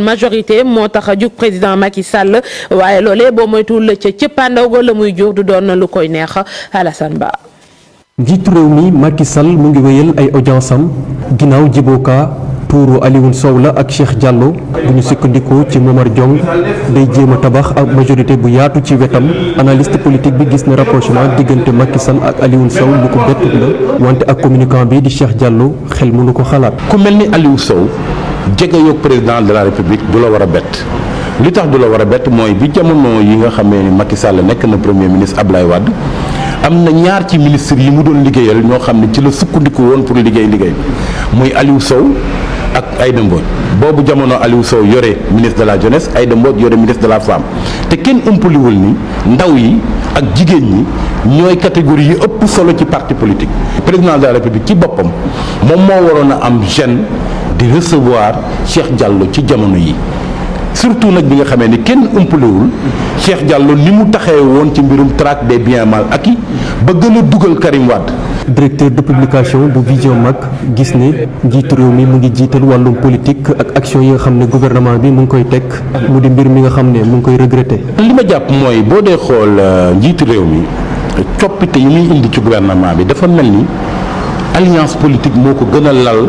majorité motax tax président Macky Sall waye lolé bo moytuwul la ca cëppaandaw ga la muy jur du doon lu koy neex Alassane Ba. njiitu réew mi Macky Sall mu ngi wéyal ay audience am ginnaaw jibooka tuuru Alioune Sow la ak Cheikh Diallo bu ñu sukkandikoo ci Momar Diong day jéem tabax ak majorité bu yaatu ci wétam analyste politique bi gis na rapprochement diggante Macky Sall ak Aliou Sow lu ko bett la wante ak communicant bi di Cheikh Diallo xel mënu ko xalat ku melni Aliou Sow jege yoog président de la république du la war a bett li tax du la war a bett mooy bi jamono yi nga xamee ni Macky Sall nekk na premier ministre Ablaye Wade am na ñaar ci ministre yi mu doon liggéeyal ñoo xam ne ci la sukkandiku woon pour liggéey liggéey muy Aliou Sow ak Aïda Mbodj boobu jamono Aliou Sow yore ministre de la jeunesse Aïda Mbodj yore ministre de la femme te kenn ëmpaliwul ni ndaw yi ak jigéen ñi ñooy catégorie yi ëpp solo ci parti politique président de la ci boppam moom moo waroon a am jeune di recevoir Cheikh Diallo ci jamono yi surtout nak bi nga xamee ni kenn umpalewul Cheikh Diallo ni mu taxee woon ci mbirum traque des biens mal acquis ba gën a dugal Karim Wad directeur de publication bu Vision Mag gis ni njiitu rew mi mu ngi jiital politique ak action yi nga xamné gouvernement bi mu ngi koy tek mu di mbir mi nga xamné ne mu ngi koy regretter. li ma jàpp mooy boo xol xool euh, rew mi coppite yi muy indi ci gouvernement bi dafa melni alliance politique moko ko lal.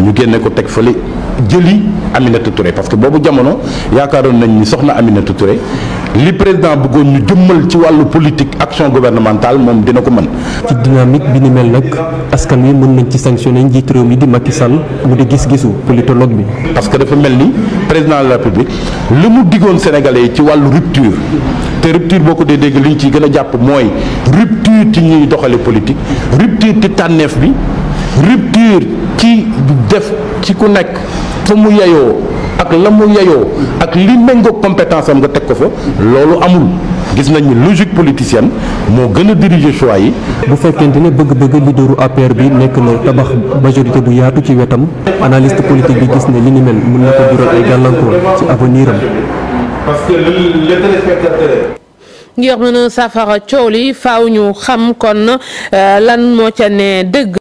ñu génne ko tek fële jëli Aminata Touré parce que bobu jamono yaakaaroon nañ ni soxna Aminata Touré li président bëggoon ñu jëmmal ci walu politique action gouvernementale mom dina ko mën. ci dynamique bi ni mel nak askan wi mën nañ ci sanctionné njiit réew mi di Macky Sall mu di gis-gisu politologue bi. parce que dafa melni président de la République lu mu digoon Sénégalais ci walu rupture te rupture boo de dee dégg li ci gëna japp moy rupture ci ñuy doxale politique rupture ci tanef bi. rupture ci def ci ku nekk fa mu yeyoo ak la mu yeyoo ak li méngoo compétence am nga teg ko fa loolu amul gis nañ ni logique politicienne moo gën a diriger choix yi. bu fekkente ne bëgg-bëgg leaderu APR bi nekk na tabax majorité bu yaatu ci wetam analyste politique bi gis ne li ni mel mën na ko jural ay gàllankoor ci avenir ngir mën a safara coow li ñu xam kon euh, lan moo ca ne dëgg.